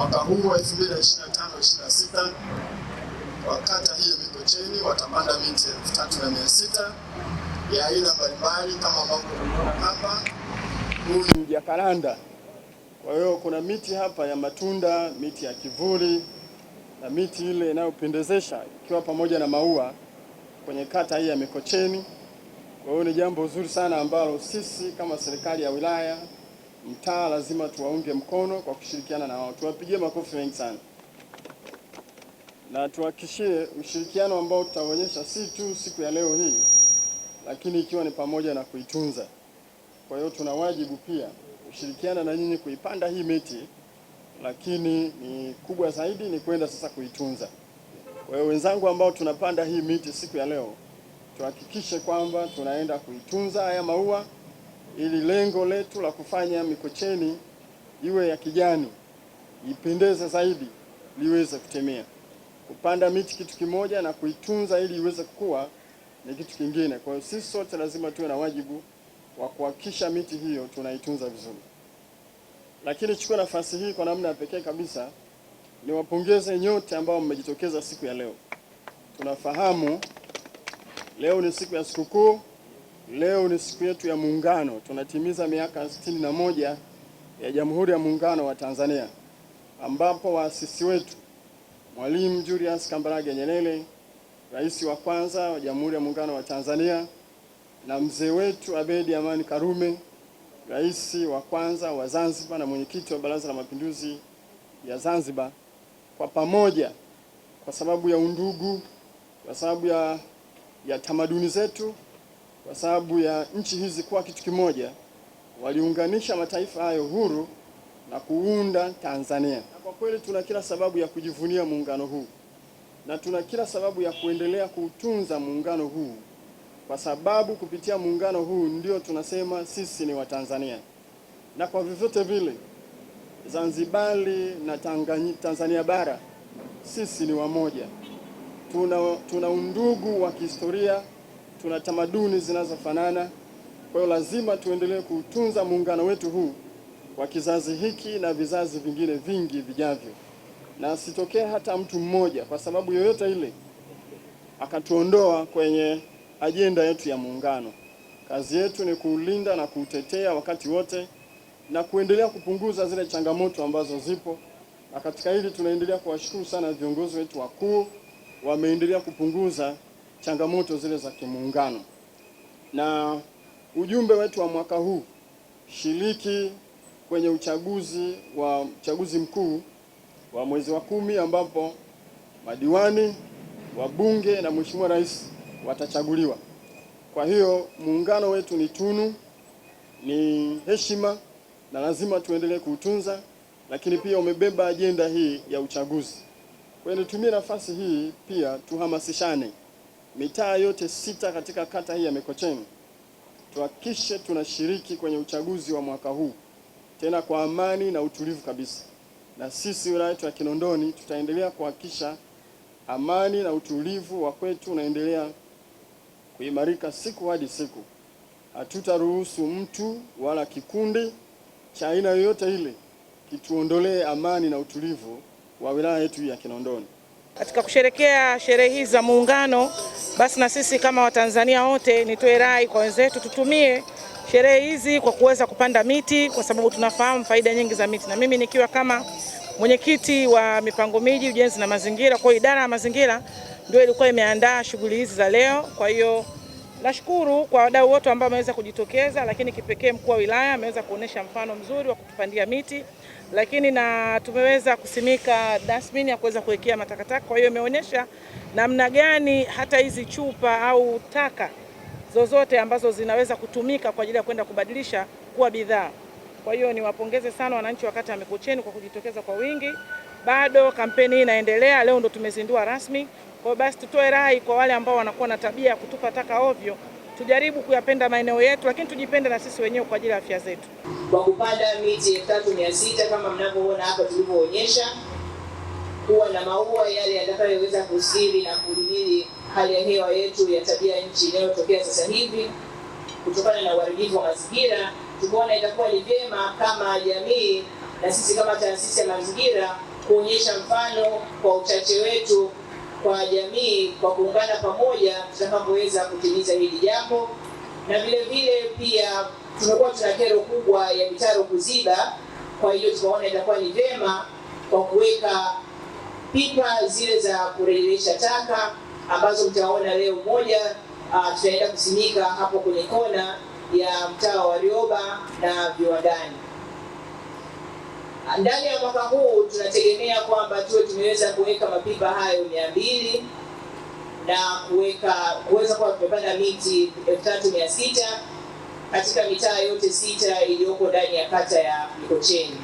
mwaka huu wa 2025 26 wa kata hii ya Mikocheni watapanda miti 3600 ya aina mbalimbali kama tunaona hapa. Huu ni jacaranda. Kwa hiyo kuna miti hapa ya matunda, miti ya kivuli na miti ile inayopendezesha ikiwa pamoja na maua kwenye kata hii ya Mikocheni. Kwa hiyo ni jambo zuri sana ambalo sisi kama serikali ya wilaya mtaa lazima tuwaunge mkono kwa kushirikiana na wao. Tuwapigie makofi mengi sana na tuhakikishie ushirikiano ambao tutaonyesha si tu siku ya leo hii, lakini ikiwa ni pamoja na kuitunza. Kwa hiyo tuna wajibu pia kushirikiana na nyinyi kuipanda hii miti, lakini ni kubwa zaidi ni kwenda sasa kuitunza. Kwa hiyo wenzangu, ambao tunapanda hii miti siku ya leo, tuhakikishe kwamba tunaenda kuitunza haya maua ili lengo letu la kufanya Mikocheni iwe ya kijani, ipendeze zaidi, liweze kutemea. Kupanda miti kitu kimoja na kuitunza ili iweze kukua ni kitu kingine. Kwa hiyo sisi sote lazima tuwe na wajibu wa kuhakikisha miti hiyo tunaitunza vizuri. Lakini chukua nafasi hii kwa namna ya pekee kabisa niwapongeze nyote ambao mmejitokeza siku ya leo. Tunafahamu leo ni siku ya sikukuu Leo ni siku yetu ya Muungano, tunatimiza miaka sitini na moja ya Jamhuri ya Muungano wa Tanzania, ambapo waasisi wetu Mwalimu Julius Kambarage Nyerere, rais wa kwanza wa Jamhuri ya Muungano wa Tanzania, na mzee wetu Abedi Amani Karume, rais wa kwanza wa Zanzibar na mwenyekiti wa Baraza la Mapinduzi ya Zanzibar, kwa pamoja, kwa sababu ya undugu, kwa sababu ya, ya tamaduni zetu kwa sababu ya nchi hizi kuwa kitu kimoja, waliunganisha mataifa hayo huru na kuunda Tanzania. Na kwa kweli tuna kila sababu ya kujivunia muungano huu na tuna kila sababu ya kuendelea kuutunza muungano huu, kwa sababu kupitia muungano huu ndio tunasema sisi ni Watanzania, na kwa vyovyote vile Zanzibari na Tanzania bara sisi ni wamoja. Tuna, tuna undugu wa kihistoria tuna tamaduni zinazofanana. Kwa hiyo lazima tuendelee kuutunza muungano wetu huu wa kizazi hiki na vizazi vingine vingi vijavyo, na sitokee hata mtu mmoja kwa sababu yoyote ile akatuondoa kwenye ajenda yetu ya muungano. Kazi yetu ni kuulinda na kuutetea wakati wote na kuendelea kupunguza zile changamoto ambazo zipo, na katika hili tunaendelea kuwashukuru sana viongozi wetu wakuu, wameendelea kupunguza changamoto zile za kimuungano. Na ujumbe wetu wa mwaka huu, shiriki kwenye uchaguzi wa uchaguzi mkuu wa mwezi wa kumi, ambapo madiwani, wabunge na mheshimiwa rais watachaguliwa. Kwa hiyo muungano wetu ni tunu, ni heshima na lazima tuendelee kuutunza, lakini pia umebeba ajenda hii ya uchaguzi. Kwa hiyo nitumie nafasi hii pia tuhamasishane mitaa yote sita katika kata hii ya Mikocheni tuhakikishe tunashiriki kwenye uchaguzi wa mwaka huu tena kwa amani na utulivu kabisa. Na sisi wilaya ya Kinondoni tutaendelea kuhakikisha amani na utulivu wa kwetu unaendelea kuimarika siku hadi siku. Hatutaruhusu mtu wala kikundi cha aina yoyote ile kituondolee amani na utulivu wa wilaya yetu ya Kinondoni. Katika kusherekea sherehe hizi za Muungano basi na sisi kama Watanzania wote nitoe rai kwa wenzetu, tutumie sherehe hizi kwa kuweza kupanda miti, kwa sababu tunafahamu faida nyingi za miti, na mimi nikiwa kama mwenyekiti wa mipango miji, ujenzi na mazingira, kwa idara ya mazingira ndio ilikuwa imeandaa shughuli hizi za leo, kwa hiyo Nashukuru kwa wadau wote ambao wameweza kujitokeza, lakini kipekee mkuu wa wilaya ameweza kuonyesha mfano mzuri wa kutupandia miti, lakini na tumeweza kusimika dustbin ya kuweza kuwekea matakataka. Kwa hiyo imeonyesha namna gani hata hizi chupa au taka zozote ambazo zinaweza kutumika kwa ajili ya kwenda kubadilisha kuwa bidhaa. Kwa hiyo niwapongeze sana wananchi wa kata ya Mikocheni kwa kujitokeza kwa wingi. Bado kampeni hii inaendelea, leo ndo tumezindua rasmi. Kwa basi tutoe rai kwa wale ambao wanakuwa na tabia ya kutupa taka ovyo, tujaribu kuyapenda maeneo yetu, lakini tujipende na sisi wenyewe kwa ajili ya afya zetu, kwa kupanda miti elfu tatu mia sita kama mnavyoona hapa tulivyoonyesha, kuwa na maua yale yatakayoweza kustiri na kuhimili hali ya hewa yetu ya tabia nchi inayotokea sasa hivi kutokana na uharibifu wa mazingira. Tumeona itakuwa ni vyema kama jamii na sisi kama taasisi ya mazingira kuonyesha mfano kwa uchache wetu kwa jamii kwa kuungana pamoja tutakapoweza kutimiza hili jambo, na vile vile pia tumekuwa tuna kero kubwa ya mitaro kuziba. Kwa hiyo tunaona itakuwa ni vyema kwa kuweka pipa zile za kurejelesha taka ambazo mtaona leo moja ah, tutaenda kusimika hapo kwenye kona ya mtaa wa Rioba na viwandani. Ndani ya mwaka huu tunategemea kwamba tuwe tumeweza kuweka mapipa hayo mia mbili na kuweka kuweza kuwa tumepanda miti elfu tatu mia sita katika mitaa yote sita iliyoko ndani ya kata ya Mikocheni.